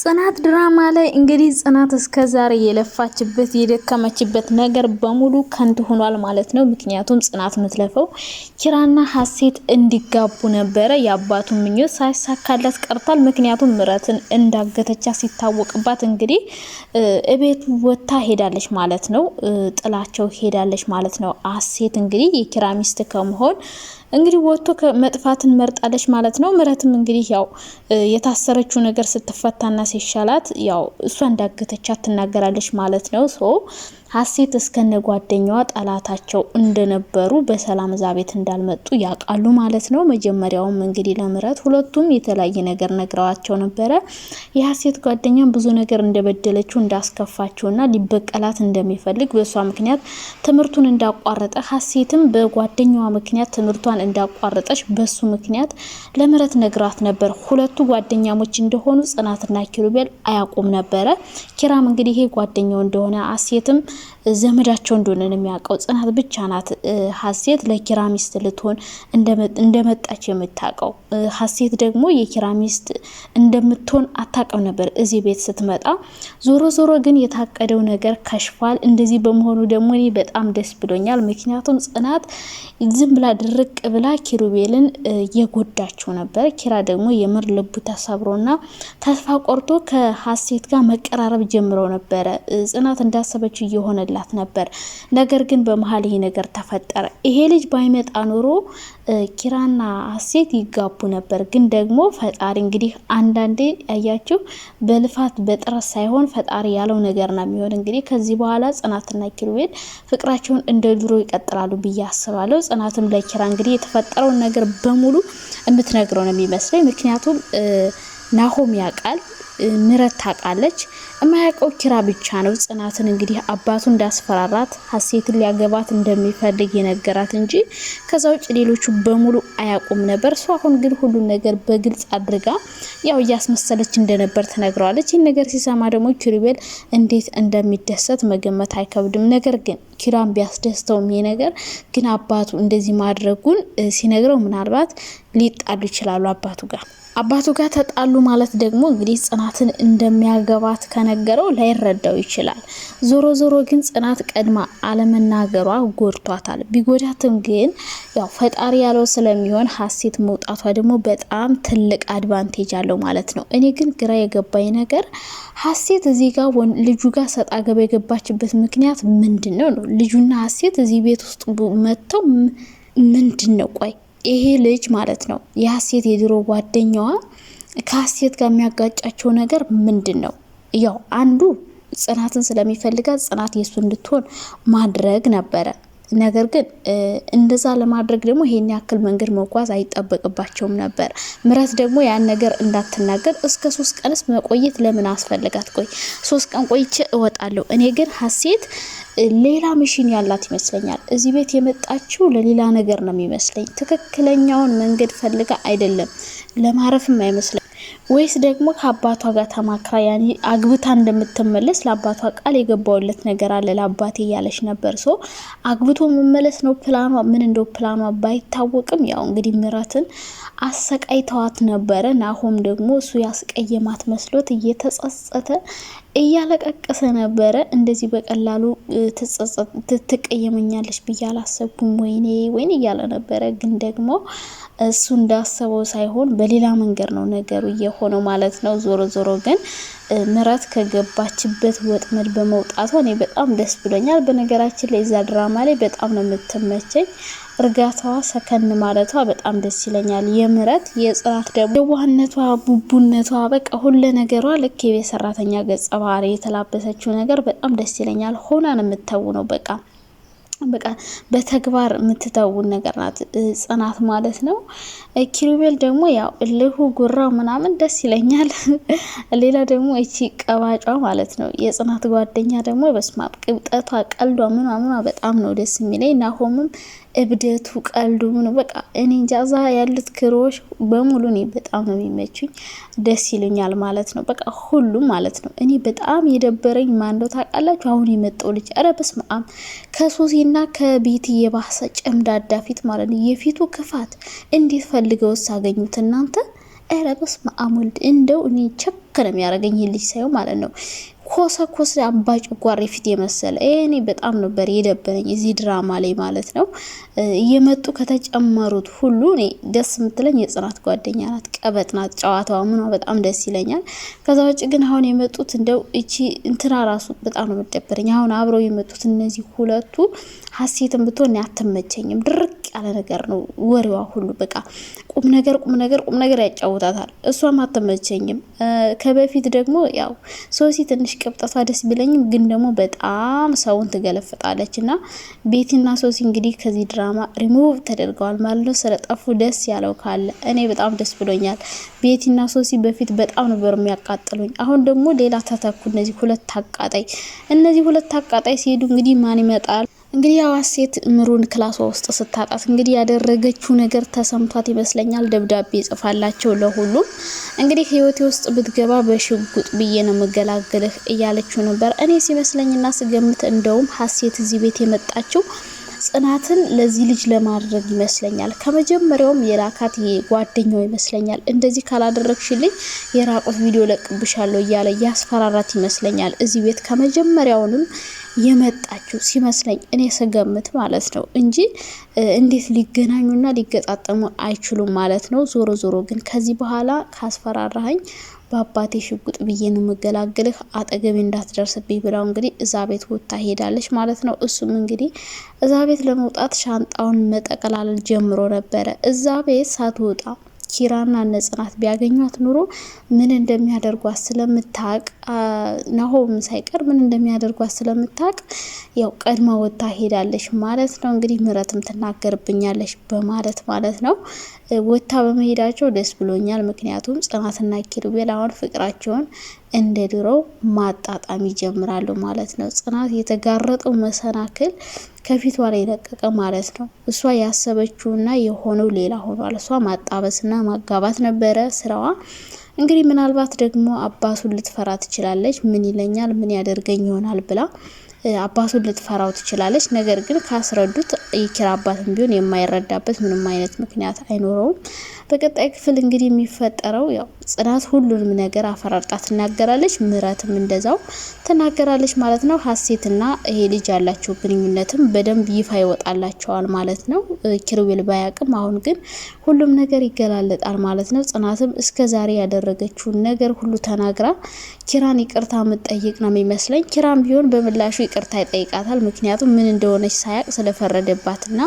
ጽናት ድራማ ላይ እንግዲህ ጽናት እስከ ዛሬ የለፋችበት የደከመችበት ነገር በሙሉ ከንቱ ሆኗል ማለት ነው። ምክንያቱም ጽናት የምትለፈው ኪራና ሀሴት እንዲጋቡ ነበረ። የአባቱ ምኞት ሳይሳካላት ቀርቷል። ምክንያቱም ምረትን እንዳገተቻ ሲታወቅባት እንግዲህ እቤት ወታ ሄዳለች ማለት ነው። ጥላቸው ሄዳለች ማለት ነው። ሀሴት እንግዲህ የኪራ ሚስት ከመሆን እንግዲህ ወጥቶ መጥፋትን መርጣለች ማለት ነው። ምረትም እንግዲህ ያው የታሰረችው ነገር ስትፈታና ሲሻላት ያው እሷ እንዳገተቻት ትናገራለች ማለት ነው ሶ ሀሴት እስከነ ጓደኛዋ ጠላታቸው እንደነበሩ በሰላም እዛ ቤት እንዳልመጡ ያውቃሉ ማለት ነው። መጀመሪያውም እንግዲህ ለምረት ሁለቱም የተለያየ ነገር ነግረዋቸው ነበረ። የሀሴት ጓደኛም ብዙ ነገር እንደበደለችው እንዳስከፋችውና ሊበቀላት እንደሚፈልግ በእሷ ምክንያት ትምህርቱን እንዳቋረጠ ሀሴትም በጓደኛዋ ምክንያት ትምህርቷን እንዳቋረጠች በሱ ምክንያት ለምረት ነግራት ነበር። ሁለቱ ጓደኛሞች እንደሆኑ ጽናትና ኪሩቤል አያውቁም ነበረ። ኪራም እንግዲህ ይሄ ጓደኛው እንደሆነ አሴትም ዘመዳቸው እንደሆነ ነው የሚያውቀው። ጽናት ብቻ ናት ሀሴት ለኪራ ሚስት ልትሆን እንደመጣች የምታውቀው። ሀሴት ደግሞ የኪራ ሚስት እንደምትሆን አታውቅም ነበር እዚህ ቤት ስትመጣ። ዞሮ ዞሮ ግን የታቀደው ነገር ከሽፏል። እንደዚህ በመሆኑ ደግሞ እኔ በጣም ደስ ብሎኛል። ምክንያቱም ጽናት ዝም ብላ ድርቅ ብላ ኪሩቤልን የጎዳቸው ነበር። ኪራ ደግሞ የምር ልቡ ተሰብሮና ተስፋ ቆርጦ ከሀሴት ጋር መቀራረብ ጀምረው ነበረ። ጽናት እንዳሰበችው የሆነላት ነበር። ነገር ግን በመሀል ይሄ ነገር ተፈጠረ። ይሄ ልጅ ባይመጣ ኖሮ ኪራና ሀሴት ይጋቡ ነበር። ግን ደግሞ ፈጣሪ እንግዲህ አንዳንዴ ያያችሁ በልፋት በጥረት ሳይሆን ፈጣሪ ያለው ነገር ነው የሚሆን። እንግዲህ ከዚህ በኋላ ጽናትና ኪሩቤል ፍቅራቸውን እንደ ድሮ ይቀጥላሉ ብዬ አስባለሁ። ጽናትም ለኪራ እንግዲህ የተፈጠረውን ነገር በሙሉ የምትነግረው ነው የሚመስለኝ። ምክንያቱም ናሆም ያውቃል ምረት ታውቃለች። እማያውቀው ኪራ ብቻ ነው። ጽናትን እንግዲህ አባቱ እንዳስፈራራት ሀሴትን ሊያገባት እንደሚፈልግ የነገራት እንጂ ከዛ ውጭ ሌሎቹ በሙሉ አያውቁም ነበር። እሱ አሁን ግን ሁሉን ነገር በግልጽ አድርጋ ያው እያስመሰለች እንደነበር ትነግረዋለች። ይህን ነገር ሲሰማ ደግሞ ኪሩቤል እንዴት እንደሚደሰት መገመት አይከብድም። ነገር ግን ኪራን ቢያስደስተውም ይሄ ነገር ግን አባቱ እንደዚህ ማድረጉን ሲነግረው ምናልባት ሊጣሉ ይችላሉ አባቱ ጋር አባቱ ጋር ተጣሉ ማለት ደግሞ እንግዲህ ጽናትን እንደሚያገባት ከነገረው ላይረዳው ይችላል። ዞሮ ዞሮ ግን ጽናት ቀድማ አለመናገሯ ጎድቷታል። ቢጎዳትም ግን ያው ፈጣሪ ያለው ስለሚሆን ሀሴት መውጣቷ ደግሞ በጣም ትልቅ አድቫንቴጅ አለው ማለት ነው። እኔ ግን ግራ የገባኝ ነገር ሀሴት እዚህ ጋር ልጁ ጋር ሰጣ ገባ የገባችበት ምክንያት ምንድን ነው ነው? ልጁና ሀሴት እዚህ ቤት ውስጥ መጥተው ምንድን ነው ቆይ ይሄ ልጅ ማለት ነው የሀሴት የድሮ ጓደኛዋ ከሀሴት ጋር የሚያጋጫቸው ነገር ምንድን ነው? ያው አንዱ ጽናትን ስለሚፈልጋት ጽናት የእሱ እንድትሆን ማድረግ ነበረ። ነገር ግን እንደዛ ለማድረግ ደግሞ ይሄን ያክል መንገድ መጓዝ አይጠበቅባቸውም ነበር። ምረት ደግሞ ያን ነገር እንዳትናገር እስከ ሶስት ቀንስ መቆየት ለምን አስፈልጋት? ቆይ ሶስት ቀን ቆይቼ እወጣለሁ። እኔ ግን ሀሴት ሌላ መሽን ያላት ይመስለኛል። እዚህ ቤት የመጣችው ለሌላ ነገር ነው የሚመስለኝ። ትክክለኛውን መንገድ ፈልጋ አይደለም፣ ለማረፍም አይመስለኝ ወይስ ደግሞ ከአባቷ ጋር ተማክራ ያኔ አግብታ እንደምትመለስ ለአባቷ ቃል የገባውለት ነገር አለ ለአባቴ እያለች ነበር። ሶ አግብቶ መመለስ ነው ፕላኗ። ምን እንደው ፕላኗ ባይታወቅም ያው እንግዲህ ምራትን አሰቃይተዋት ነበረ። ናሆም ደግሞ እሱ ያስቀየማት መስሎት እየተጸጸተ እያለቀቀሰ ነበረ። እንደዚህ በቀላሉ ትቀየመኛለች ብዬ አላሰብኩም፣ ወይኔ ወይኔ እያለ ነበረ። ግን ደግሞ እሱ እንዳሰበው ሳይሆን በሌላ መንገድ ነው ነገሩ እየሆነው ማለት ነው። ዞሮ ዞሮ ግን ምረት ከገባችበት ወጥመድ በመውጣቷ እኔ በጣም ደስ ብሎኛል። በነገራችን ላይ እዛ ድራማ ላይ በጣም ነው የምትመቸኝ። እርጋታዋ፣ ሰከን ማለቷ በጣም ደስ ይለኛል። የምረት የጽናት ደግሞ የዋህነቷ፣ ቡቡነቷ በቃ ሁለ ነገሯ ልክ የቤት ሰራተኛ ገጸ ባህሪ የተላበሰችው ነገር በጣም ደስ ይለኛል። ሆና ነው ነው በቃ በጣም በቃ በተግባር የምትተውን ነገር ናት ጽናት ማለት ነው። ኪሩቤል ደግሞ ያው እልሁ ጉራው ምናምን ደስ ይለኛል። ሌላ ደግሞ እቺ ቀባጯ ማለት ነው የጽናት ጓደኛ ደግሞ በስማ ቅብጠቷ፣ ቀልዷ ምናምኗ በጣም ነው ደስ የሚለኝ። ናሆምም እብደቱ፣ ቀልዱ ምኑ በቃ እኔ እንጃ እዛ ያሉት ክሮች በሙሉ እኔ በጣም ነው የሚመቹኝ፣ ደስ ይሉኛል ማለት ነው። በቃ ሁሉም ማለት ነው። እኔ በጣም የደበረኝ ማንዶ ታውቃላችሁ? አሁን የመጣው ልጅ ኧረ በስመ አብ ከሶሲና እና ከቤት የባሰ ጨምዳዳ ፊት ማለት ነው። የፊቱ ክፋት እንዴት ፈልገው አገኙት እናንተ? ኧረ ማአሙልድ እንደው እኔ ቸክ ነው የሚያደርገኝ ልጅ ሳየው ማለት ነው። ኮሰኮስ ጓሬ ፊት የመሰለ እኔ በጣም ነበር የደበረኝ እዚህ ድራማ ላይ ማለት ነው። እየመጡ ከተጨመሩት ሁሉ እኔ ደስ የምትለኝ የጽናት ጓደኛ ናት። ቀበጥናት ጨዋታዋ ምኗ በጣም ደስ ይለኛል። ከዛ ውጭ ግን አሁን የመጡት እንደው እቺ እንትና ራሱ በጣም ነው የምደበረኝ። አሁን አብረው የመጡት እነዚህ ሁለቱ ሀሴትን ብትሆን አትመቸኝም። ድርቅ ያለ ነገር ነው ወሬዋ ሁሉ በቃ ቁም ነገር ቁም ነገር ቁም ነገር ያጫውታታል። እሷም አትመቸኝም። ከበፊት ደግሞ ያው ሶሲ ትንሽ ቅብጠቷ ደስ ቢለኝም ግን ደግሞ በጣም ሰውን ትገለፍጣለች እና ቤቲና ሶሲ እንግዲህ ከዚህ ድራማ ሪሙቭ ተደርገዋል ማለት ነው። ስለጠፉ ደስ ያለው ካለ እኔ በጣም ደስ ብሎኛል። ቤቲና ሶሲ በፊት በጣም ነበር የሚያቃጥሉኝ። አሁን ደግሞ ሌላ ተተኩ። እነዚህ ሁለት አቃጣይ እነዚህ ሁለት አቃጣይ ሲሄዱ እንግዲህ ማን ይመጣል? እንግዲህ ያዋ ሴት ምሩን ክላሷ ውስጥ ስታጣት እንግዲህ ያደረገችው ነገር ተሰምቷት ይመስለኛል ደብዳቤ ጽፋላቸው ለሁሉም እንግዲህ ህይወቴ ውስጥ ብትገባ በሽጉጥ ብዬ ነው መገላገልህ እያለችው ነበር። እኔ ሲመስለኝና ስገምት እንደውም ሀሴት እዚህ ቤት የመጣችው ጽናትን ለዚህ ልጅ ለማድረግ ይመስለኛል። ከመጀመሪያውም የራካት ጓደኛው ይመስለኛል። እንደዚህ ካላደረግሽልኝ የራቁት ቪዲዮ ለቅብሻለሁ እያለ ያስፈራራት ይመስለኛል። እዚህ ቤት ከመጀመሪያውንም የመጣችው ሲመስለኝ እኔ ስገምት ማለት ነው እንጂ እንዴት ሊገናኙና ሊገጣጠሙ አይችሉም ማለት ነው። ዞሮ ዞሮ ግን ከዚህ በኋላ ካስፈራራኸኝ በአባቴ ሽጉጥ ብዬ ነው የምገላግልህ፣ አጠገቤ እንዳትደርስብኝ ብለው እንግዲህ እዛ ቤት ወታ ሄዳለች ማለት ነው። እሱም እንግዲህ እዛ ቤት ለመውጣት ሻንጣውን መጠቀላለል ጀምሮ ነበረ እዛ ቤት ሳትወጣ ኪራና እነ ጽናት ቢያገኟት ኑሮ ምን እንደሚያደርጓት ስለምታቅ ናሆም ሳይቀር ምን እንደሚያደርጓት ስለምታቅ ያው ቀድማ ወጥታ ሄዳለች ማለት ነው። እንግዲህ ምረትም ትናገርብኛለች በማለት ማለት ነው ወጥታ በመሄዳቸው ደስ ብሎኛል። ምክንያቱም ጽናትና ኪሩቤል አሁን ፍቅራቸውን እንደ ድሮ ማጣጣም ይጀምራሉ ማለት ነው። ጽናት የተጋረጠው መሰናክል ከፊቷ ላይ ለቀቀ ማለት ነው። እሷ ያሰበችውና የሆነው ሌላ ሆኗል። እሷ ማጣበስና ማጋባት ነበረ ስራዋ። እንግዲህ ምናልባት ደግሞ አባቱን ልትፈራ ትችላለች። ምን ይለኛል፣ ምን ያደርገኝ ይሆናል ብላ አባቱን ልትፈራው ትችላለች። ነገር ግን ካስረዱት የኪራ አባትም ቢሆን የማይረዳበት ምንም አይነት ምክንያት አይኖረውም። በቀጣይ ክፍል እንግዲህ የሚፈጠረው ያው ጽናት ሁሉንም ነገር አፈራርጣ ትናገራለች፣ ምረትም እንደዛው ትናገራለች ማለት ነው። ሀሴትና ይሄ ልጅ ያላቸው ግንኙነትም በደንብ ይፋ ይወጣላቸዋል ማለት ነው። ኪሩቤል ባያቅም አሁን ግን ሁሉም ነገር ይገላለጣል ማለት ነው። ጽናትም እስከ ዛሬ ያደረገችውን ነገር ሁሉ ተናግራ ኪራን ይቅርታ የምጠይቅ ነው የሚመስለኝ። ኪራን ቢሆን በምላሹ ይቅርታ ይጠይቃታል። ምክንያቱም ምን እንደሆነች ሳያቅ ስለፈረደባትና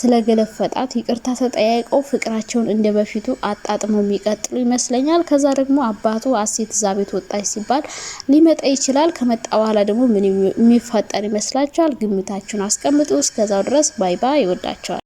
ስለገለፈጣት ይቅርታ ተጠያይቀው ፍቅራቸውን እንደ በፊቱ አጣጥመው የሚቀጥሉ ይመስለኛል። ከዛ ደግሞ አባቱ አሴት እዛ ቤት ወጣች ሲባል ሊመጣ ይችላል። ከመጣ በኋላ ደግሞ ምን የሚፈጠር ይመስላችኋል? ግምታችሁን አስቀምጡ። እስከዛው ድረስ ባይ ባይ። ይወዳቸዋል።